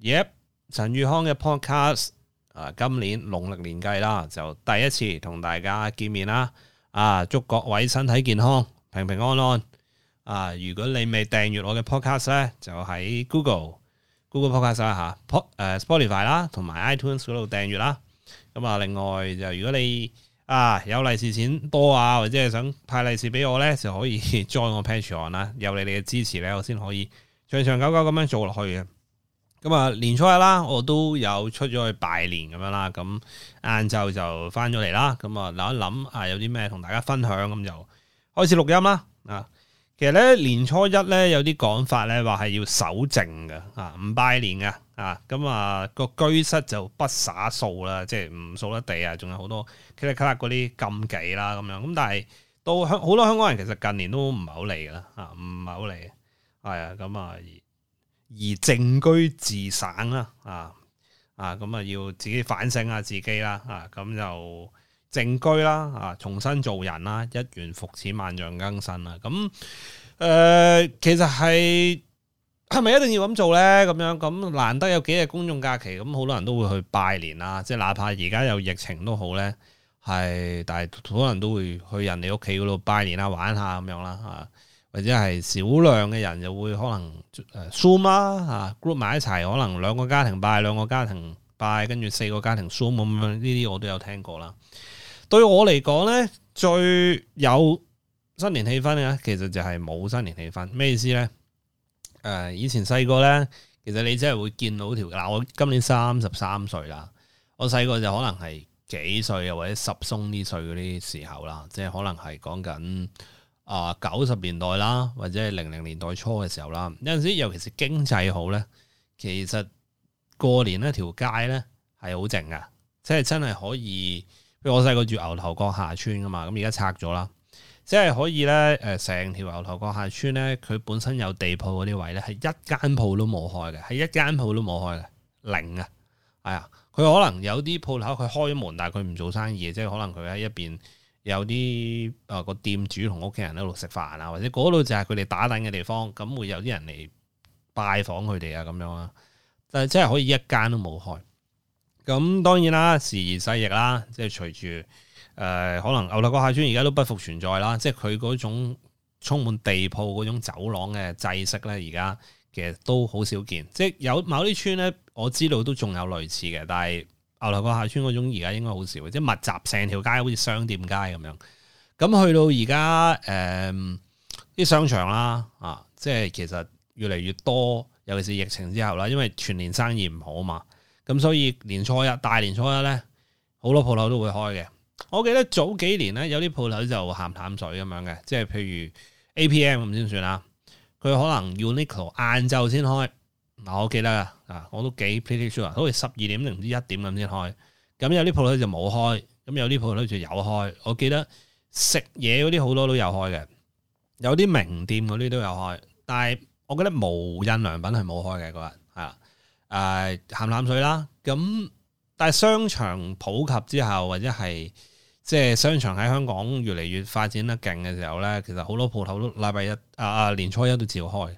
Yep，陳宇康嘅 podcast 啊，今年農曆年計啦，就第一次同大家見面啦。啊，祝各位身體健康，平平安安。啊，如果你未訂閱我嘅 podcast 咧，就喺 Google、Google Podcast 啦吓誒 Spotify 啦，同埋 iTunes 嗰度訂閱啦。咁、嗯、啊，另外就如果你啊有利是錢多啊，或者係想派利是俾我咧，就可以 join 我 Patreon 啦。有你哋嘅支持咧，我先可以長長久久咁樣做落去嘅。咁啊，年初一啦，我都有出咗去拜年咁樣啦。咁晏晝就翻咗嚟啦。咁啊諗一諗啊，有啲咩同大家分享，咁就開始錄音啦。啊，其實咧年初一咧有啲講法咧話係要守靜嘅啊，唔拜年嘅啊。咁啊個居室就不灑掃啦，即係唔掃得地啊，仲有好多噼里咔啦嗰啲禁忌啦咁樣。咁但係到香好多香港人其實近年都唔係好嚟㗎啦，啊唔係好嚟，係啊咁啊。而靜居自省啦，啊啊，咁啊要自己反省下自己啦，啊咁就靜居啦，啊重新做人啦，一元復始，萬象更新啦，咁誒，其實係係咪一定要咁做咧？咁樣咁難得有幾日公眾假期，咁啊好多人都會去拜年啦，即係哪怕而家有疫情都好咧，係，但係好多人都會去人哋屋企嗰度拜年啦，玩下咁樣啦，啊。或者係少量嘅人又會可能誒 Zoom 啊吓 group 埋一齊，可能兩個家庭拜兩個家庭拜，跟住四個家庭 Zoom 咁樣呢啲我都有聽過啦。對我嚟講呢，最有新年氣氛嘅，其實就係冇新年氣氛。咩意思呢？誒、呃，以前細個呢，其實你真係會見到條。嗱，我今年三十三歲啦，我細個就可能係幾歲啊，或者十鬆啲歲嗰啲時候啦，即係可能係講緊。啊九十年代啦，或者係零零年代初嘅時候啦，有陣時尤其是經濟好咧，其實過年咧條街咧係好靜嘅，即係真係可以。譬如我細個住牛頭角下村㗎嘛，咁而家拆咗啦，即係可以咧誒，成條牛頭角下村咧，佢本身有地鋪嗰啲位咧，係一間鋪都冇開嘅，係一間鋪都冇開嘅，零啊，係啊，佢可能有啲鋪頭佢開門，但係佢唔做生意，即係可能佢喺一邊。有啲啊個店主同屋企人喺度食飯啊，或者嗰度就係佢哋打躉嘅地方，咁會有啲人嚟拜訪佢哋啊咁樣啊。但係即係可以一間都冇開。咁當然啦，時移世易啦，即係隨住誒、呃、可能牛頭角下村而家都不復存在啦，即係佢嗰種充滿地鋪嗰種走廊嘅制式咧，而家其實都好少見。即係有某啲村咧，我知道都仲有類似嘅，但係。牛頭角下村嗰種而家應該好少，即係密集成條街好似商店街咁樣。咁去到而家誒啲商場啦，啊，即係其實越嚟越多，尤其是疫情之後啦，因為全年生意唔好啊嘛。咁所以年初一，大年初一咧，好多鋪頭都會開嘅。我記得早幾年咧，有啲鋪頭就鹹淡水咁樣嘅，即係譬如 APM 咁先算啦。佢可能要 Uniqlo 晏晝先開。嗱、啊，我記得啊，我都幾 Pretty Sure，好似十二點定唔知一點咁先開。咁有啲鋪頭就冇開，咁有啲鋪頭就有開。我記得食嘢嗰啲好多都有開嘅，有啲名店嗰啲都有開。但係我覺得無印良品係冇開嘅嗰日，係、啊、啦，誒鹹淡水啦。咁但係商場普及之後，或者係即係商場喺香港越嚟越發展得勁嘅時候咧，其實好多鋪頭都禮拜一啊啊年初一都照開。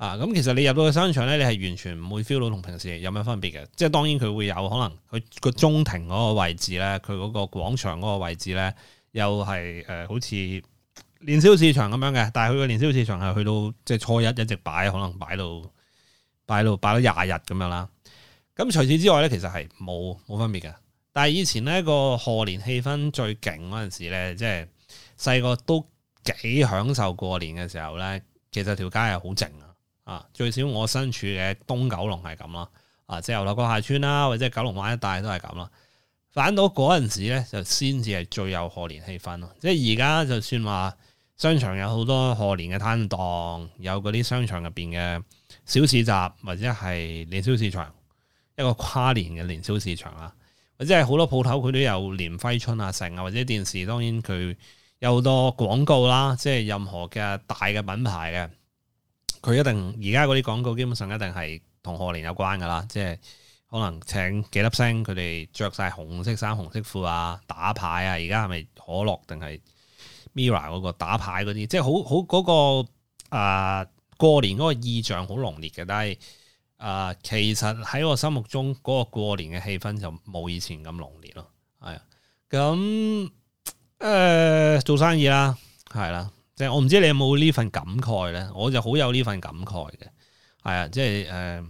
啊，咁其實你入到個商場咧，你係完全唔會 feel 到同平時有咩分別嘅。即係當然佢會有可能佢個中庭嗰個位置咧，佢嗰個廣場嗰個位置咧，又係誒、呃、好似年宵市場咁樣嘅。但係佢個年宵市場係去到即係初一一直擺，可能擺到擺到擺到廿日咁樣啦。咁除此之外咧，其實係冇冇分別嘅。但係以前咧，個賀年氣氛最勁嗰陣時咧，即係細個都幾享受過年嘅時候咧。其實條街係好靜啊。啊，最少我身處嘅東九龍係咁咯，啊，即係油塘國下村啦、啊，或者九龍灣一帶都係咁咯。反到嗰陣時咧，就先至係最有賀年氣氛咯、啊。即係而家就算話商場有好多賀年嘅攤檔，有嗰啲商場入邊嘅小市集，或者係年宵市場，一個跨年嘅年宵市場啦、啊，或者係好多鋪頭佢都有年輝春啊、盛啊，或者電視當然佢有好多廣告啦，即係任何嘅大嘅品牌嘅。佢一定而家嗰啲廣告基本上一定係同賀年有關㗎喇，即係可能請幾粒星，佢哋着晒紅色衫、紅色褲啊，打牌啊，而家係咪可樂定係 MIRROR 嗰、那個打牌嗰啲，即係好好嗰、那個啊、呃、過年嗰個意象好濃烈嘅，但係啊、呃、其實喺我心目中嗰、那個過年嘅氣氛就冇以前咁濃烈咯，係啊，咁、嗯、誒、呃、做生意啦，係啦。我唔知你有冇呢份感慨咧，我就好有呢份感慨嘅，係啊，即係誒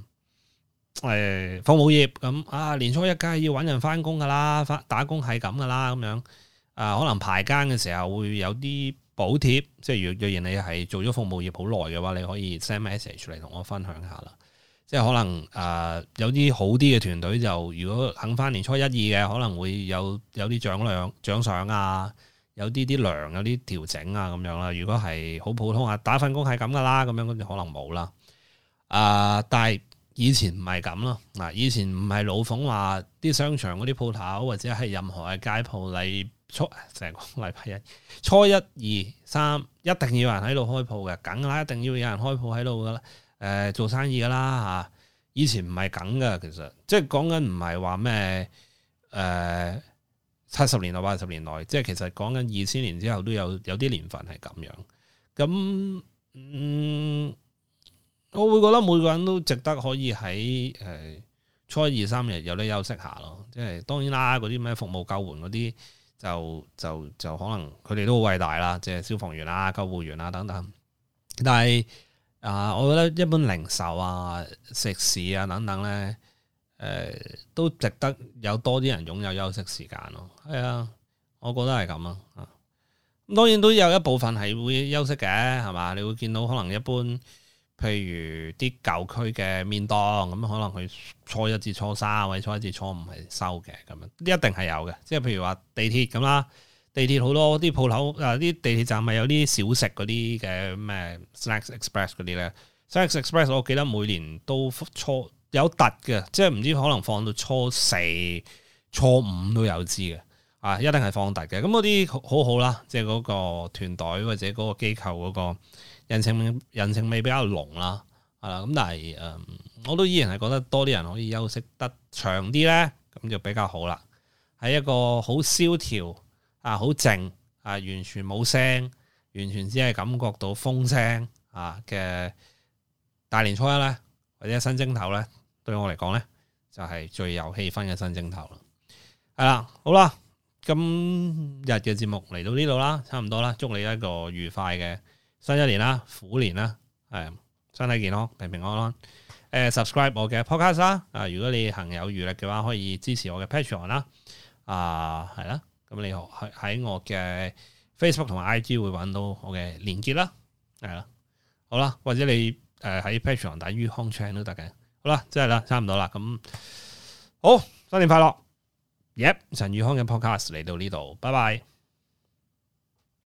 誒，服務業咁、嗯、啊，年初一梗係要搵人翻工噶啦，翻打工係咁噶啦，咁樣啊，可能排更嘅時候會有啲補貼，即係若若然你係做咗服務業好耐嘅話，你可以 send message 嚟同我分享下啦。即係可能啊，有啲好啲嘅團隊就如果肯翻年初一二嘅，可能會有有啲獎獎獎賞啊。有啲啲糧有啲調整啊咁樣啦，如果係好普通啊，打份工係咁噶啦，咁樣咁就可能冇啦。啊、呃！但係以前唔係咁咯，嗱，以前唔係老闆話啲商場嗰啲鋪頭或者係任何嘅街鋪嚟，初成個禮拜一，初一二三一定要有人喺度開鋪嘅，梗啦，一定要有人開鋪喺度噶啦，誒、呃、做生意噶啦嚇。以前唔係梗噶，其實即係講緊唔係話咩誒。就是七十年代、八十年代，即係其實講緊二千年之後都有有啲年份係咁樣。咁嗯，我會覺得每個人都值得可以喺誒初二三日有得休息下咯。即係當然啦，嗰啲咩服務救援嗰啲就就就可能佢哋都好偉大啦，即係消防員啊、救護員啊等等。但係啊、呃，我覺得一般零售啊、食肆啊等等咧。誒、呃、都值得有多啲人擁有休息時間咯，係、哎、啊，我覺得係咁啊。咁當然都有一部分係會休息嘅，係嘛？你會見到可能一般，譬如啲舊區嘅麵檔，咁、嗯、可能佢初一至初三或者初一至初五係收嘅，咁樣一定係有嘅。即係譬如話地鐵咁啦，地鐵好多啲鋪頭啊，啲地鐵站咪有啲小食嗰啲嘅咩 Snacks Express 嗰啲咧，Snacks Express 我記得每年都復初。有突嘅，即係唔知可能放到初四、初五都有知嘅，啊，一定係放突嘅。咁嗰啲好好啦，即係嗰個團隊或者嗰個機構嗰個人情味、人情味比較濃啦，係、啊、啦。咁但係誒、嗯，我都依然係覺得多啲人可以休息得長啲咧，咁就比較好啦。係一個好蕭條啊，好靜啊，完全冇聲，完全只係感覺到風聲啊嘅大年初一咧，或者新正頭咧。對我嚟講咧，就係、是、最有氣氛嘅新正頭咯。係啦，好啦，今日嘅節目嚟到呢度啦，差唔多啦。祝你一個愉快嘅新一年啦，虎年啦，係、哎、身體健康，平平安安。誒、呃、subscribe 我嘅 podcast 啦。啊，如果你行有餘力嘅話，可以支持我嘅 Patreon 啦。啊，係啦，咁你喺我嘅 facebook 同埋 ig 會揾到我嘅鏈接啦。係啦，好啦，或者你誒喺 Patreon 打于 c o n 都得嘅。好啦，真係啦，差唔多啦，咁、嗯、好，新年快樂！Yep 陳宇康嘅 podcast 嚟到呢度，拜拜。